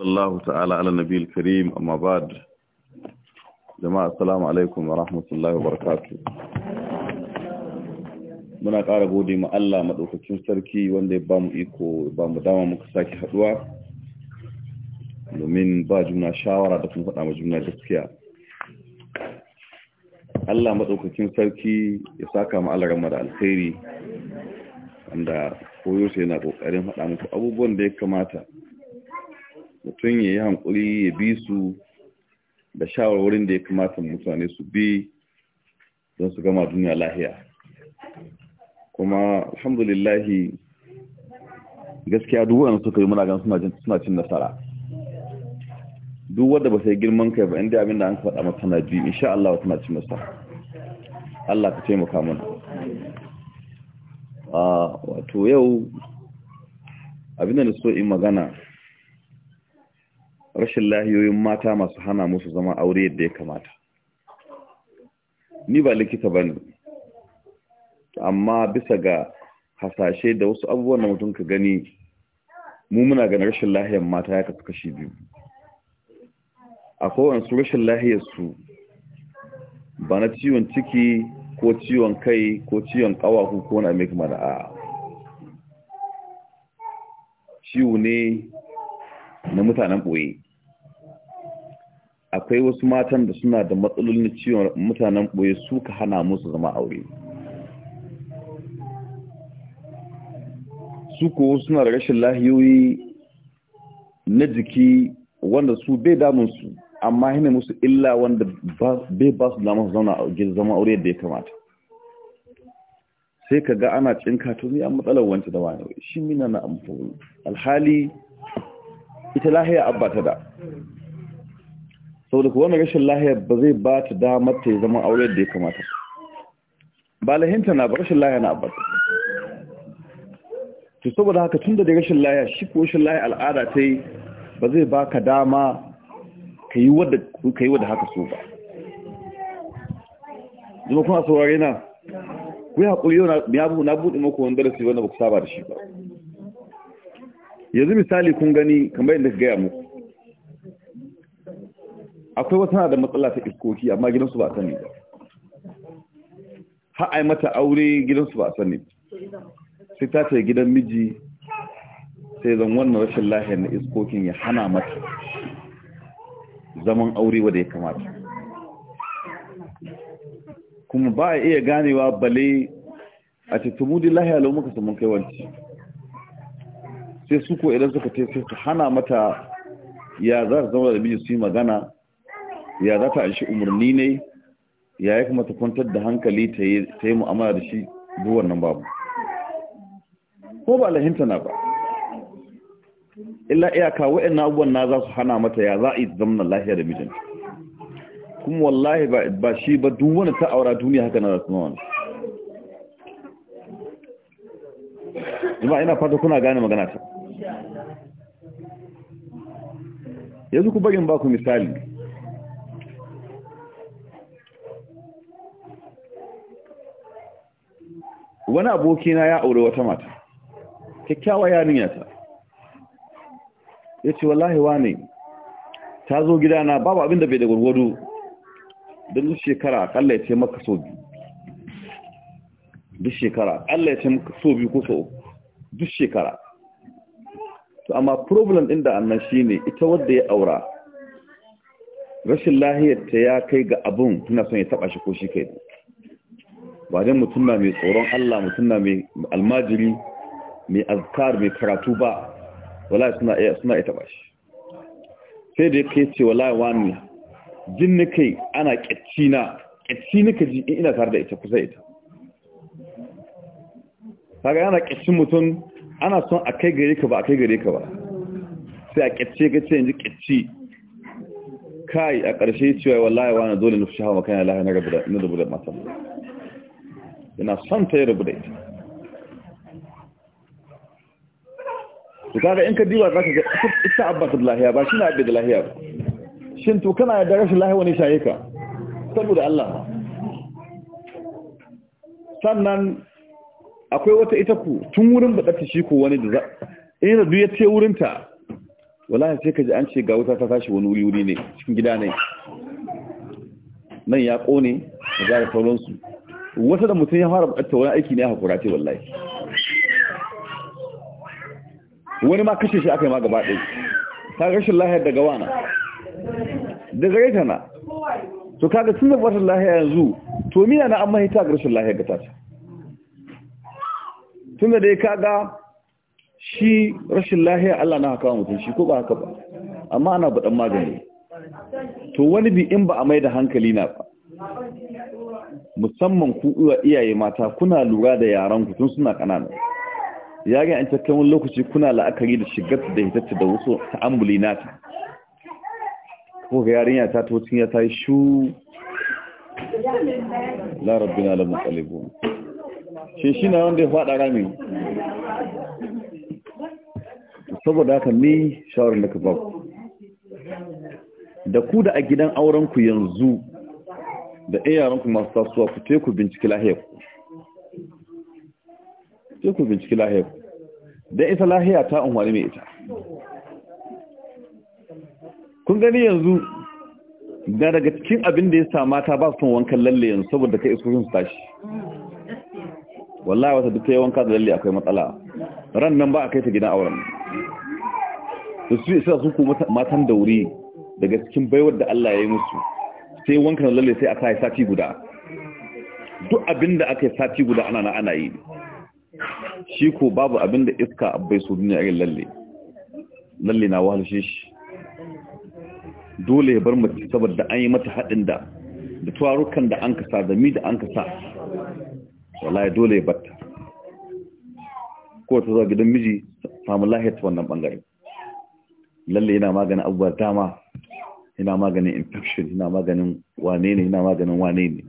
sallallahu ta'ala ala nabiyil karim amma ba'd jama'a assalamu alaikum wa rahmatullahi wa barakatuh muna ƙara gode ma Allah madaukakin sarki wanda ya bamu iko bamu dama muka saki haduwa domin ba juna shawara da kuma faɗa ma juna gaskiya Allah madaukakin sarki ya saka mu Allah da alkhairi wanda koyo sai yana kokarin faɗa muku abubuwan da ya kamata mutum ya yi hankuri ya bi su da shawarwarin da ya kamata mutane su bi don su gama duniya lahiya kuma alhamdulillahi gaskiya duk wanda suka yi muna gan suna cin nasara duk wadda ba sai girman kai ba inda abin da an faɗa mata na ji insha Allah tana cin nasara Allah ka taimaka mana a ah, wato yau abin da so in magana rashin lahiyoyin mata masu hana musu zama aure yadda ya kamata ni ba likita ba ne amma bisa ga hasashe da wasu abubuwan da mutum ka gani mu muna ganin rashin lahiyar mata ya kasu kashi biyu akwai wansu rashin lahiyar su ba na ciwon ciki ko ciwon kai ko ciwon kawaku ko na amurka mara a ciwo ne na mutanen ɓoye akwai wasu matan da suna da matsalolin ciwon mutanen ɓoye su ka hana musu zama aure su ko suna da rashin lahiyoyi na jiki wanda su bai damunsu amma hina musu illa wanda bai ba su damun zauna a zama aure da ya kamata sai ka ga ana cinka to ni an matsalar wancan da wani shi mina na amfani alhali ita lahiya abba ta da saboda kuwa rashin lahiyar ba zai ba ta damar ta zama aure da ya kamata ba lahinta na ba rashin lahiyar na abata to saboda haka tun da rashin lahiyar shi ko rashin lahiyar al'ada ta yi ba zai ba ka dama ka yi wadda haka so ba zama kuma saurari na ku haƙuri yau na buɗe maku wani darasi wanda ba ku saba da shi ba yanzu misali kun gani kamar yadda ka gaya muku akwai wata da matsala ta iskoki amma gidansu ba a sani ba ha ai mata aure gidansu ba a sani sai ta ce gidan miji sai zan wannan rashin lahiyar na iskokin ya hana mata zaman aure wadda ya kamata kuma ba a iya ganewa bale a mudi lahiya lau muka samun kaiwanci sai su ko idan suka ce sai su hana mata ya za su zama da miji su yi magana ya za ta aishi umarni ne ya yi kuma ta kwantar da hankali ta yi mu'amala da shi duk wannan babu ko ba lahinta na ba illa iyaka kawo abubuwan na za su hana mata ya za a yi zamanin lahiya da mijinta kuma wallahi ba shi ba duk wani ta aura duniya haka na za su mawani zuma ina fata kuna gane magana ta yanzu ku barin ba ku misali wani abokina ya aure wata mata kyakkyawa yarinya ta ya ce wallahi wani ta zo gidana babu abinda bai da gwargwado don duk shekara Allah ya ce maka so bi duk shekara Allah ya ce maka so bi ko so duk shekara to amma problem din da annan shine ita wanda ya aura rashin ta ya kai ga abun tana son ya taba shi ko shi kai ba dan mutum na mai tsoron Allah mutum na mai almajiri mai azkar mai karatu ba wallahi suna iya suna iya taba shi sai da yake ce wallahi wani jin nake kai ana kicci na kicci nake ka ji in ina tare da ita kusa ita kaga ana kicci mutum ana son a kai gare ka ba a kai gare ka ba sai a kicce ka ce yanzu kicci kai a ƙarshe cewa wallahi wani dole na fi shahawa makana lahi na rabu da matan yana son ta yi rabu da ita su kaga in ka diwa za ka ga ita abba ta lahiya ba shi na abin da lahiya ba shin to kana da rashin lahiya wani shaye ka saboda Allah sannan akwai wata ita ku tun wurin ɗarta shi ko wani da za in da duk ya ce wurinta wallahi sai ka ji an ce ga wuta ta tashi wani wuri wuri ne cikin gida ne nan ya ƙone da zara sauransu wasu da mutum ya fara bukatar wani aiki ne a hakura ce wallahi wani ma kashe shi aka yi ma gaba ɗai ta rashin lahiyar daga wana da gare ta na to kaga tun da rashin lahiyar yanzu to mina na an mahita ga rashin lahiyar ga ta tun da dai kaga shi rashin lahiyar Allah na haka mutum shi ko ba haka ba amma ana baɗan magani to wani bi in ba a mai da hankali na ba musamman ku iyaye mata kuna lura da yaran ku tun suna kanana yaran an cikin wani lokaci kuna la'akari da shigar da hitarta da wasu ta'ambuli nata ko ga yarinya ta tocin ya ta yi shu la rabbina la muqallibun shi shi na wanda ya fada rami saboda haka ni shawarar da ka ba ku da ku da a gidan auren ku yanzu da iyaranku masu tasowa ku teku ku binciki lahiyar ku teku ku binciki lahiyar ku don ita lahiya ta unwani mai ita kun gani yanzu da daga cikin abin da ya sa mata ba su wankan lalle yanzu saboda kai iskokin su tashi wallahi wata duk ta yi wanka da lalle akwai matsala ran nan ba a kai ta gidan auren da su isa su ku matan dauri daga cikin baiwar da Allah ya yi musu sai wanka na lalle sai a kai sati guda duk abinda aka yi sati guda ana na ana yi shi ko babu abinda iska abai su duniya irin lalle lalle na wahalshe shi dole ya bar mutum saboda an yi mata haɗin da da tuwarukan da an kasa da mi da an kasa wallahi dole ya batta ko ta zuwa gidan miji samun lahiyar ta wannan bangare lalle yana magana abubuwa dama ina maganin infection ina maganin wane ne ina maganin wane ne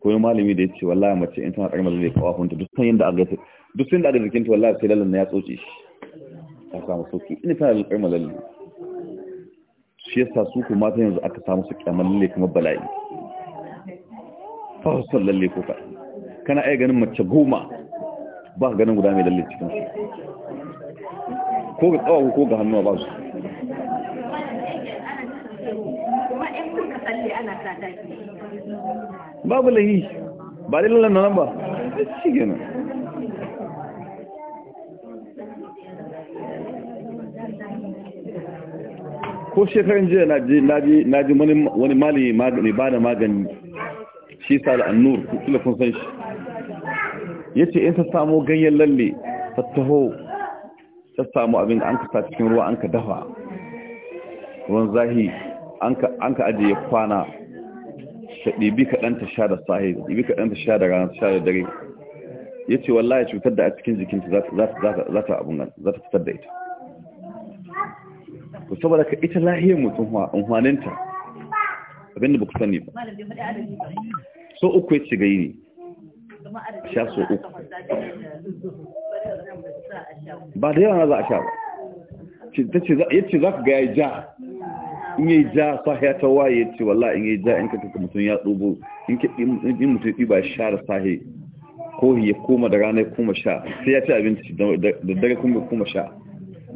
ko yi malami da ya ce wallahi mace in tana karmar zai kawo hunta duk sanyin da aga duk sayin da aga jikinta wallahi sai lallan ya tsoce shi ta samu sauki ina tana karmar lallan shi yasa su kuma ta yanzu aka samu su kyamar lalle kamar bala'i fahassar lalle ko ka kana iya ganin mace goma ba ganin guda mai lalle cikin su ko ga tsawo ko ga hannuwa ba su babu lahi ba dai lallan nan ba ko shekaran jiya na ji wani mali mai ba da magani shi sa da annur kula kun san shi ya ce in ta samo ganyen lalle ta taho ta samu abin da an ka cikin ruwa an ka dafa ruwan zahi an ka ajiye kwana ɗibi kaɗan ta sha da sahi ɗibi kaɗan ta sha da rana sha da dare ya ce wallahi cutar da a cikin jikinta za ta abu nan za ta fitar da ita ku saboda ka ita lahiyar mutum unhwaninta abinda ba ku sani ba so uku ya shiga yi ne sha so uku ba da yawa za a sha ba ya ce za ka gaya ja in yi ja sahiya ta waye ce wallah in yi ja in kaka ka mutum ya tsobo in mutum ɗiba sha da sahi ko ya koma da ranar kuma sha sai ya ci abinci da dare kuma kuma sha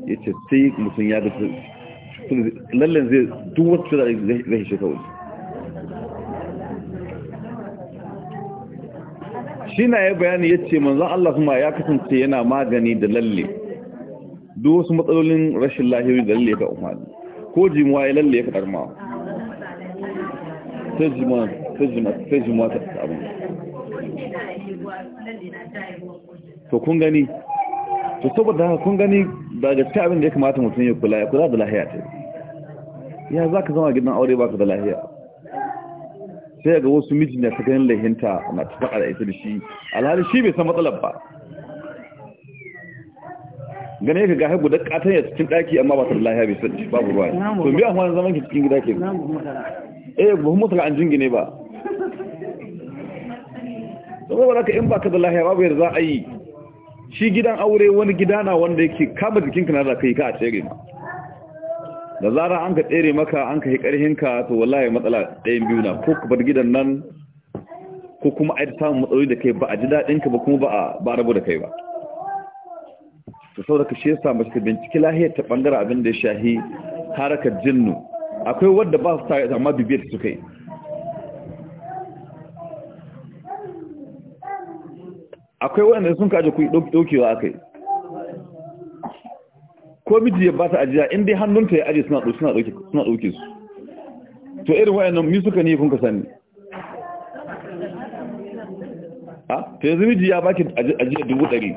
ya ce sai mutum ya gasa lallan zai duk wata zai shi kawai shi na ya bayani ya ce manzan Allah kuma ya kasance yana magani da lalle duk wasu matsalolin rashin lahiri da lalle ga umarni ko jimuwa ya lalle ya faɗar ma ta jimuwa ta jimuwa ta abin to kun gani to saboda haka kun gani daga gaske abin da ya kamata mutum ya kula ya kula da lahiya ta ya za ka zama gidan aure ka da lahiya sai ga wasu mijin da ta ganin lahinta na ta faɗa da ita da shi alhali shi bai san matsalar ba gane ka gahe da katon ya cikin daki amma ba ta da lahiya bai sani babu ruwa to biya amfani zaman ki cikin gida ke eh ba mu mutala an jingine ba saboda haka in baka da lahiya babu yadda za a yi shi gidan aure wani gida na wanda yake kama jikinka na da kai ka a tsere ma da zara an ka tsere maka an ka yi karhin ka to wallahi matsala ɗayan biyu na ko ka bar gidan nan ko kuma a yi samun matsaloli da kai ba a ji daɗinka ba kuma ba a rabu da kai ba da saboda ka shi yasa mace ta binciki lahiyar ta bangare abin da ya shahi harakar jinnu akwai wadda ba su tare amma bibiyar su kai akwai waɗanda sun kaje ku ɗaukewa a kai ko miji ya ba ta ajiya in dai hannunta ya aje suna ɗauke su to irin wayannan mi suka ne kun ka sani ha ah, to yanzu miji ya baki ajiya dubu ɗari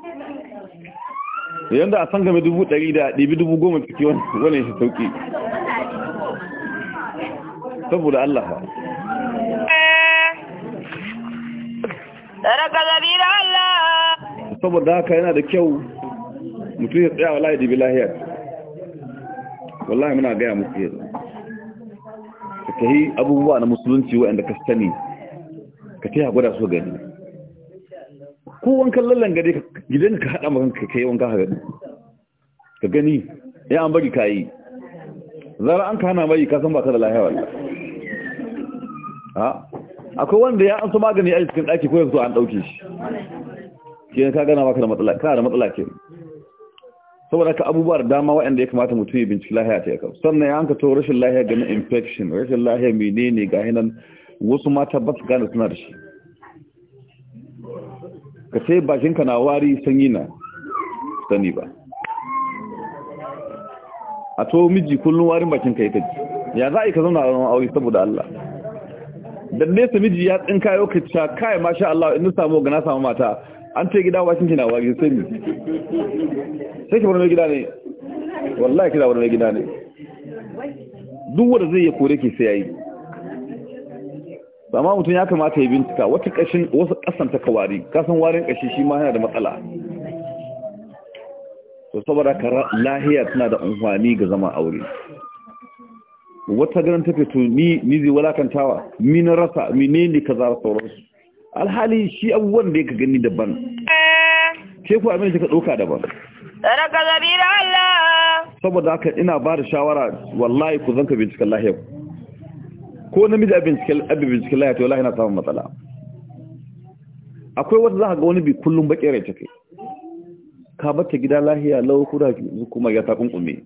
yadda a san game dubu ɗari da ɗibi dubu goma ciki wani shi sauƙi saboda Allah ba saboda haka yana da kyau mutu ya tsaya ya ɗibi lahiyar wallahi muna gaya muku yanzu ka tahi abubuwa na musulunci waɗanda ka sani ka tahi a gwada su gani ko wankan lallan gare ka gidan ka haɗa maka ka kai wanka haɗa ka gani ya an bari ka yi zara an ka hana mai ka san ba ka da lahiya wallahi ha akwai wanda ya an su magani a cikin ɗaki ko yanzu an ɗauke shi ke ka gana maka da matsala kana da matsala ke saboda ka abubuwa da dama waɗanda ya kamata mutum ya binciki lahiya ta yakau sannan ya hanka to rashin lahiya ganin infection rashin lahiya menene ga hinan wasu mata ba su gane suna da shi ka sai bakinka na wari sanyi na sani ba a to miji kullum warin bakinka ya kaji ya za a yi ka zauna a aure saboda Allah da nesa miji ya tsinka yau ka ca kayan masha Allah in samu gana samu mata an ce gida bakinki na wari sai ne sai ki wani gida ne wallahi kida bar mai gida ne duk wanda zai ya kore ke sai yayi amma mutum ya kamata ya bincika wata kashin wasu kasan ta kawari kasan warin kashi shi ma yana da matsala to saboda ka lahiya tana da amfani ga zama aure wata ganin ta fito ni ni zai walakantawa ni na rasa ne ka zara sauransu alhali shi abubuwan da ka gani daban ke ku abin da ka dauka daban sadaka da Allah saboda haka ina ba da shawara wallahi ku zanka bincika lahiyar ko namiji abin bincike laya to wallahi na samun matsala akwai wata za ka ga wani bi kullum baƙi rai kai. ka bata gida lahiya lau kuda kuma ya ta kunkume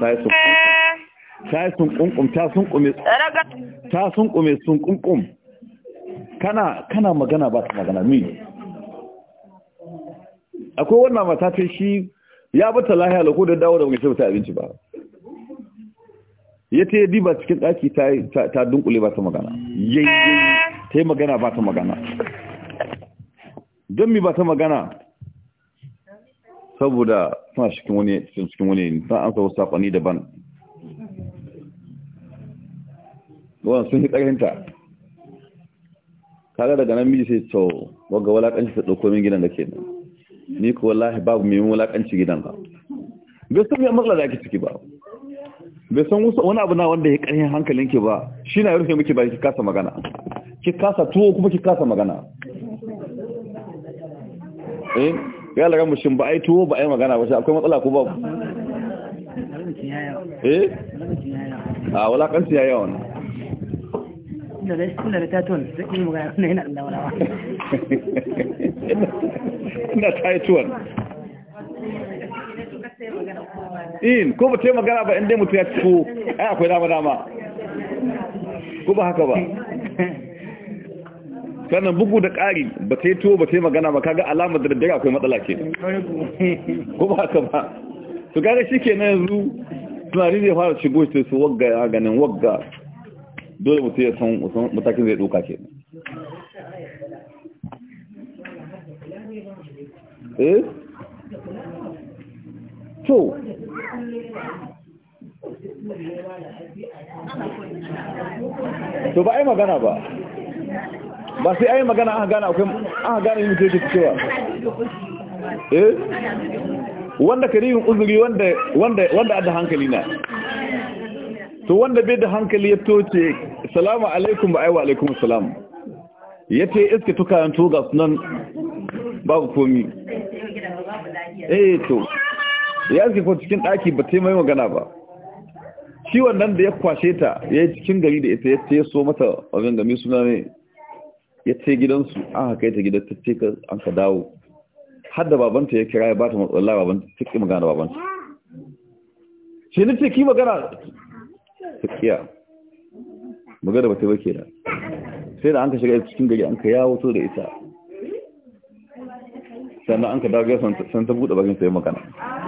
ta yi sun kunkum ta sun ƙume ta sun kume sun kunkum kana kana magana ba ta magana mi akwai wannan mata ta shi ya bata lahiya lau ko da dawo da wani sai ta abinci ba ya ta yi ba cikin ɗaki ta dunkule ba ta magana yayi ta yi magana ba ta magana don mi ba ta magana saboda suna cikin wani cikin wani ta an sau saƙoni daban wannan sun yi tsarinta ta daga nan miji sai to waga wulaƙanci ta ɗauko min gidan da ke nan ni ko wallahi babu mai wulaƙanci gidan ba bai sun yi matsala da ake ciki ba bai san wani abu na wanda ya ƙarfin hankalinki ba shi na rufe muke ba ki kasa magana ki kasa tuwo kuma ki kasa magana in eh, ya laga mushin ba ai tuwo ba ai magana ba shi akwai matsala ko ba eh a wala kan siya yawon. da da ta tuwon zai yi magana na yana da wala ba ina ta yi tuwon in ko ba ta yi magana ba inda mutu ya ciko ai akwai dama dama ko ba haka ba sannan bugu da ƙari ba ta yi tuwo ba ta yi magana ba kaga alamar da daddare akwai matsala ke ko ba haka ba su kaga shi ke na yanzu tunari zai fara shigo shi su wagga ya ganin wagga dole mutu ya san matakin zai ɗoka ke eh to to ba ai magana ba ba sai ai magana aka gana akwai aka gane yin ke cewa eh wanda karimin uzuri wanda wanda wanda hankali na to wanda bai da hankali ya toce salamu alaikum ba ai wa alaikum ya yace iske tukayan to ga sunan babu komi eh to ya aske ko cikin ɗaki ba ta mai magana ba shi wannan da ya kwashe ta ya yi cikin gari da ita ya ce so mata a gangami suna ne ya ce gidansu an haka ta gidan ta ce an ka dawo har da babanta ya kira ya ba ta matsala babanta ta ƙi magana babanta ce ni ce ki magana ta kiya magana ba ta bake da sai da an ka shiga cikin gari an ka yawo to da ita sannan an ka dawo san ta buɗe bakin sai magana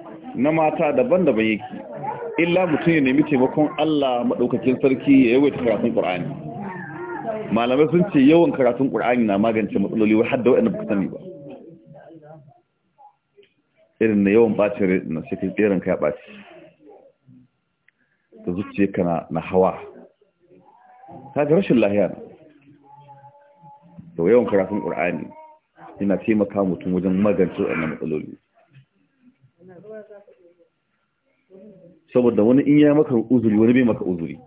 na mata daban-daban yake illa mutum ya nemi taimakon Allah maɗaukakin sarki ya yawaita karatun ƙur'ani malamai sun ce yawan karatun ƙur'ani na magance matsaloli wai da waɗanda baka sani ba irin na yawan ɓacin rai na kai tseren ka ya ɓaci ta zuciya ka na hawa ta ga rashin lahiya na, da yawan karatun ƙur'ani yana taimaka mutum wajen magance waɗannan matsaloli saboda wani in ya maka uzuri wani bai maka uzuri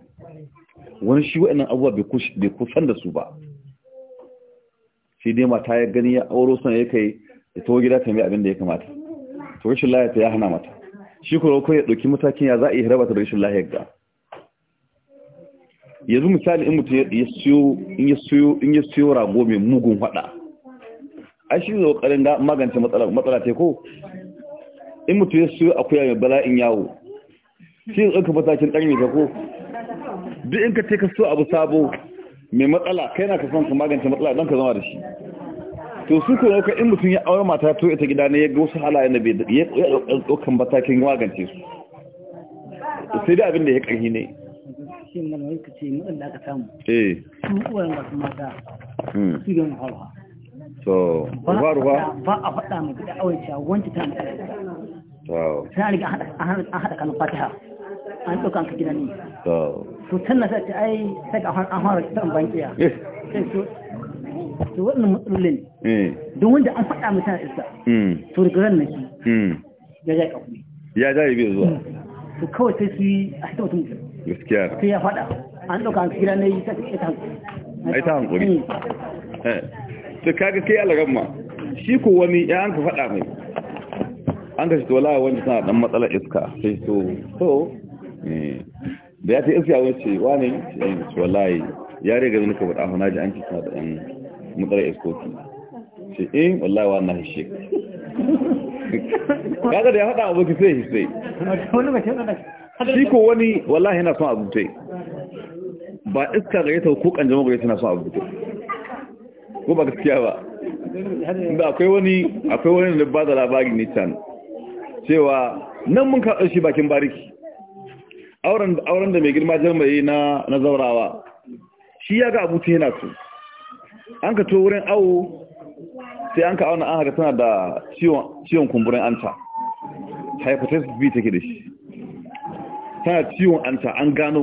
wani shi wa'annan abuwa bai kusan da su ba sai dai mata ya gani ya auro son ya kai da tawo gida ta mai abin da ya kamata to rashin lahiya ta ya hana mata shi kuma kawai ya ɗauki matakin ya za a yi haraba ta da rashin lahiya ga yanzu misali in mutum ya siyo rago mai mugun hada ai shi ne kokarin magance matsala ta ko in mutum ya siyo akuya mai bala'in yawo shi in ka fasakin ɗan ka ko duk in ka ce ka so abu sabo mai matsala kai na ka son ka magance matsala don ka zama da shi to su ko ka in mutum ya aure mata to ita gida ne ya ga wasu halayen da bai ya ɗaukan matakin magance su sai dai abin da ya ƙarfi ne cikin malamai ka ce mutum da aka samu eh. su uwayen wasu mata hmm. su ga mahaura ba a faɗa mai gida awai cewa wancan ta mai to Sani an riga haɗa kan fatiha an ɗauka an ka gina ne to tana sai ai sai ga an fara kitan bankiya eh. to waɗannan matsalolin eh. don wanda an faɗa mutane isa hmm. to daga ran nan shi hmm. ya zai ƙafi ya zai biyu zuwa hmm. to kawai sai su yi a hita mutum gaskiya sai ya faɗa an ɗauka an kira na yi ta ita hankali ta hankali eh. to kaga kai alaran ma shi ko wani ya an ka faɗa mai an ka shi to wala wani tana ɗan matsalar iska sai so Eh. da ya ta iska wace wani? Eh, ce wallahi ya riga zai ka faɗa hana ji an ci sa da ɗan mutar iskoki ce in eh, wallahi wa na hishe kaga da ya faɗa aboki sai hisai shi ko wani wallahi yana son abu tai ba iska ga ta ko kanjama gare tana son abu tai ko ba gaskiya ba da akwai wani akwai wani da ba da labari ne can cewa nan mun ka shi bakin bariki auren da mai girma jarmai na na zaurawa shi ya ga abuti yana su an ka to wurin awo sai an ka auna an haka tana da ciwon kumburin anta hypothesis b take da shi tana ciwon anta an gano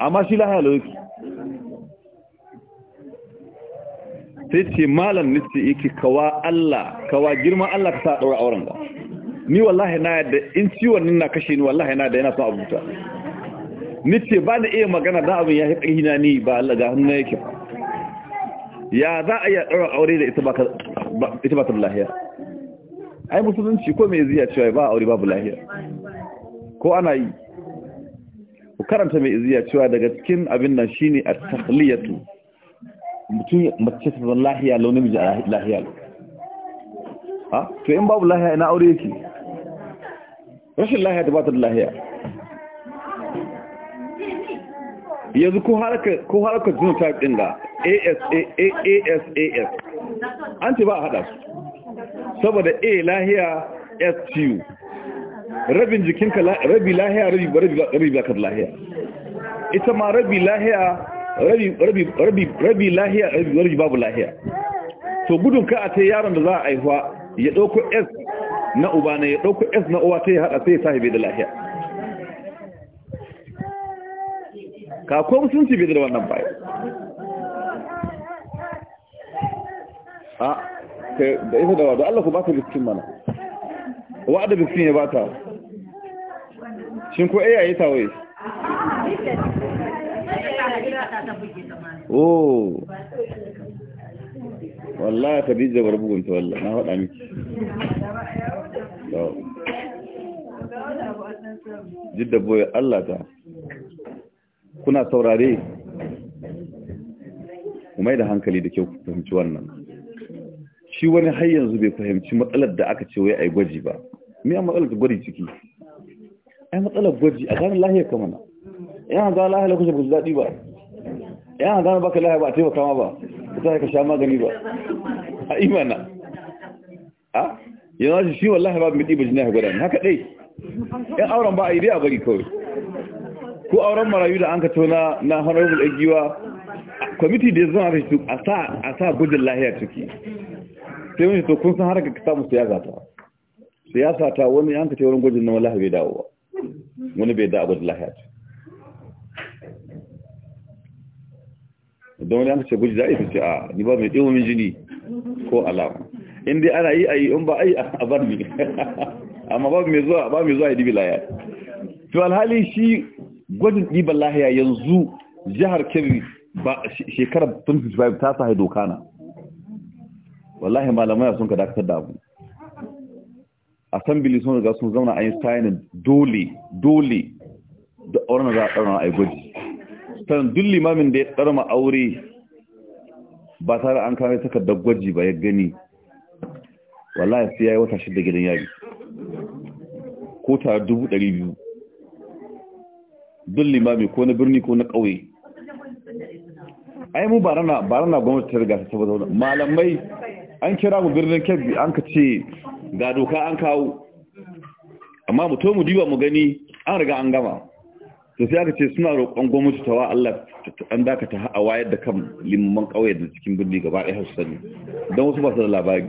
amma shi lahaya lauki sai ce malam nisti yake kawa Allah kawa girman Allah ka sa daura auren ba ni wallahi na yadda in ciwon nan na kashe ni wallahi na yadda yana son abuta nice ba da iya magana da abin ya haƙa hina ni ba Allah ga hannun yake ya za a iya ɗaura aure da ita ba ta lahiya ai musulunci ko mai ziya cewa ba aure babu lahiya ko ana yi ku karanta mai ziya cewa daga cikin abin nan ne a tahliyatu mutum mace ta zan lahiya lau namiji a lahiya ha to in babu lahiya ina aure yake rashin lahiya ta ba ta lahiya yanzu ko haraka genotype ɗin da asas an ce ba a haɗa su saboda a lahiya stu rabin jikinka rabi lahiya rabi ba ka lahiya ita ma rabi lahiya rabi lahiya rabi babu lahiya to gudun ka a ta yaron da za a aihuwa ya ɗauko s na uba na ya ɗauko s na uwa ta yi haɗa sai ya sahibe da lahiya ka ko musulunci bai da wannan bai a da ita da wadda Allah ku ta biskin mana wadda biskin ya ta shin ko yi ta wai oh tabi Khadija bar bugunta wallahi na wada miki jidda boye Allah ta kuna saurare mai da hankali da kyau fahimci wannan shi wani har yanzu bai fahimci matsalar da aka ce wai ai gwaji ba me ya matsalar da gwaji ciki ai matsalar gwaji a gane lahiyar kama na yana gane lahiyar lokacin ba su daɗi ba yana gane baka lahiyar ba a taimaka ma ba ba ta ka sha magani ba a imana a yana shi wallahi ba mai ɗiba jina ya gwada haka ɗai yan auren ba a yi dai a bari kawai ko auren marayu da an ka tona na honorable agiwa kwamiti da ya zama da shi a sa gudun lahiya ciki sai wani to kun san har ka samu siyasa ta siyasa ta wani an ka ce wurin gudun na lahiya bai wa? wani bai da abu da lahiya ce don wani an ka ce gudun da fi ce a ni ba mai ɗin min jini ko alama in dai ana yi a yi in ba a yi a bar ni amma ba mai zuwa ba mai zuwa ya dibi lahiya to alhali shi gwajin ɗiban lahiya yanzu jihar kebbi ba shekarar 2025 ta sahi doka na wallahi malamai sun ka dakatar da abu assembly sun ga sun zauna a yin sayanin dole dole da auren za a tsarna a yi gwaji sannan duk limamin da ya tsarma aure ba tare an kame takardar gwaji ba ya gani wallahi sai ya yi wata shida gidan yari ko tare dubu ɗari biyu duk limami ko na birni ko na ƙauye ai mu ba na gwamnati ta riga ta zauna malamai an kira mu birnin kebbi an ka ce ga doka an kawo amma mu to mu diba mu gani an riga an gama to sai aka ce suna roƙon gwamnati ta wa Allah an dakata a wayar da kan limman ƙauye da cikin birni gaba ɗaya su sani don wasu ba su da labari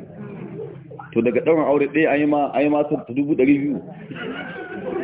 to daga ɗaurin aure ɗaya an yi ma ta dubu ɗari biyu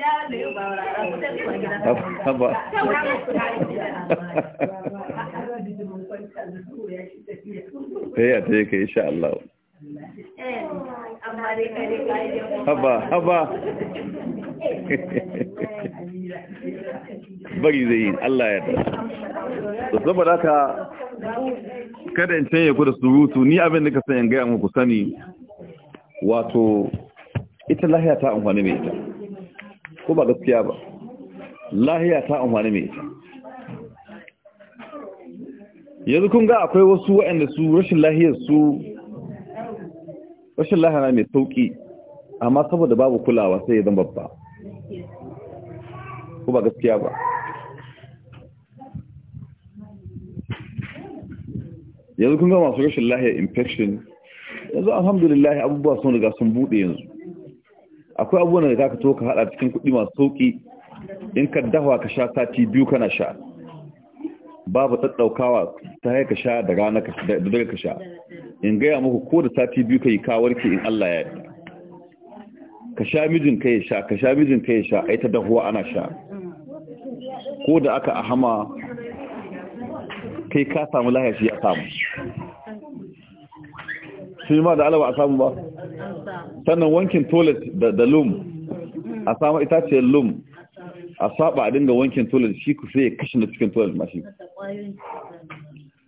ta yi ta haba haba bari zai yi Allah ya da saboda ka kada in canye ku da surutu ni abin da ka sanya gaya muku sani wato ita lahiya ta amfani mai ita ko ba gaskiya ba lahiya ta amfani mai ita yanzu kun ga akwai wasu waɗanda su rashin lahiyar su rashin lahiyar mai sauƙi amma saboda babu kulawa sai ya zama babba ko ba gaskiya ba yanzu kun ga masu rashin lahiyar infection yanzu alhamdulillah abubuwa sun riga sun buɗe yanzu akwai abubuwan da za ka toka ka haɗa cikin kuɗi masu sauƙi in ka dawa ka sha sati biyu kana sha babu tsaddaukawa ta haika sha da rana da ka sha in gaya muku ko da sati biyu ka yi kawarki in Allah ya yi. ka sha mijin ka yi sha ka sha mijin ka yi sha yi ta dahuwa ana sha ko da aka a hama kai ka samu lahashi ya samu shi ma da alawa a samu ba sannan wankin toilet da lum a samu itaciyar lum a saba a dinga wankin toilet shi ku sai ya kashe na cikin toilet mashi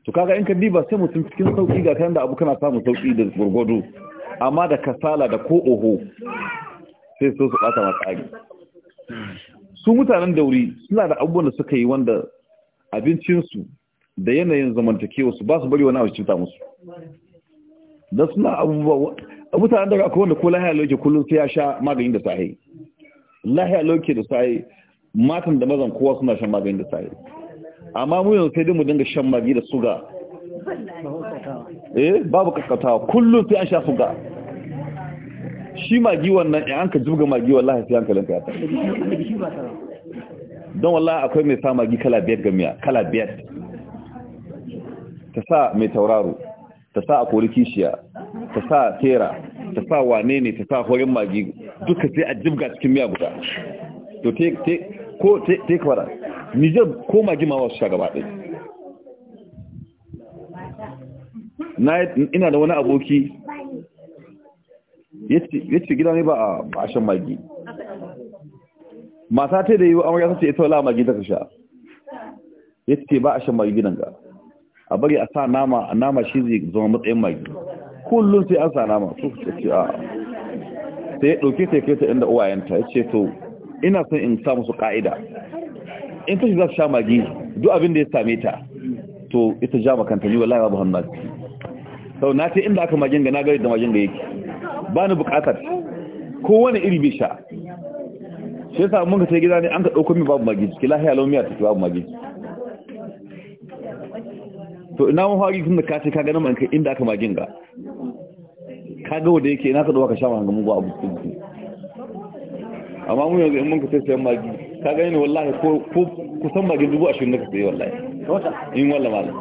to kaga in ka diba sai mutum cikin sauki ga kan da abu kana samun sauki da gurgudu amma da kasala da ko oho sai so su ɓata masu agi su mutanen dauri suna da abubuwan da suka yi wanda abincinsu da yanayin zamantakewa su ba su bari wani abu cuta musu da suna abubuwa mutanen daga akwai wanda ko lahiya loke kullum sai ya sha maganin da sahi lahiya loke da sahi matan da mazan kowa suna shan maganin da sahi amma mu yanzu sai dai mu dinga shan magani da suga eh babu kakkata kullum sai an sha suga shi magi wannan in an ka jibga magi wallahi sai an ka ya ta. don wallahi akwai mai sa magi kala biyar ga miya kala biyar ta sa mai tauraro ta sa a kori kishiya ta sa tera ta sa wane ne ta sa horin magi duka sai a jibga cikin miya guda to te ko te te kwara nijar ko magi ma wasu shagaba ɗaya na ina da wani aboki yace gida ne ba a shan magi mata ta da yi wa amurka sace ita wala magi ta sha yace ba a shan magi gidan ga a bari a sa nama nama shi zai zama matsayin magi kullum sai an sa nama su ta ce a sai ya ɗauke ta kai ta inda uwayenta ya ce to ina son in sa musu ƙa'ida in ta shi za su sha magi duk abin da ya same ta to ita ja makanta ni wallahi babu hannu sau na ce inda aka magin ga na gari da magin ga yake ba ni bukatar wani iri bai sha shi sa mun ka ta gida ne an ka ɗauko min babu magi ki lahiya laumiya ta babu magi to ina mun hawa tun da kace ka ganin man kai inda aka magin ga ka ga wanda yake ina ka ka sha wani mugu a abu su amma mu yanzu in mun ka sai sayan magi ka gani ne wallahi ko kusan magi dubu ashirin na ka sayi wallahi in walla malam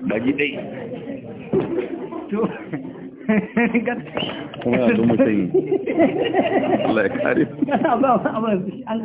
magi ɗai kuma yanzu mutane Allah ya kare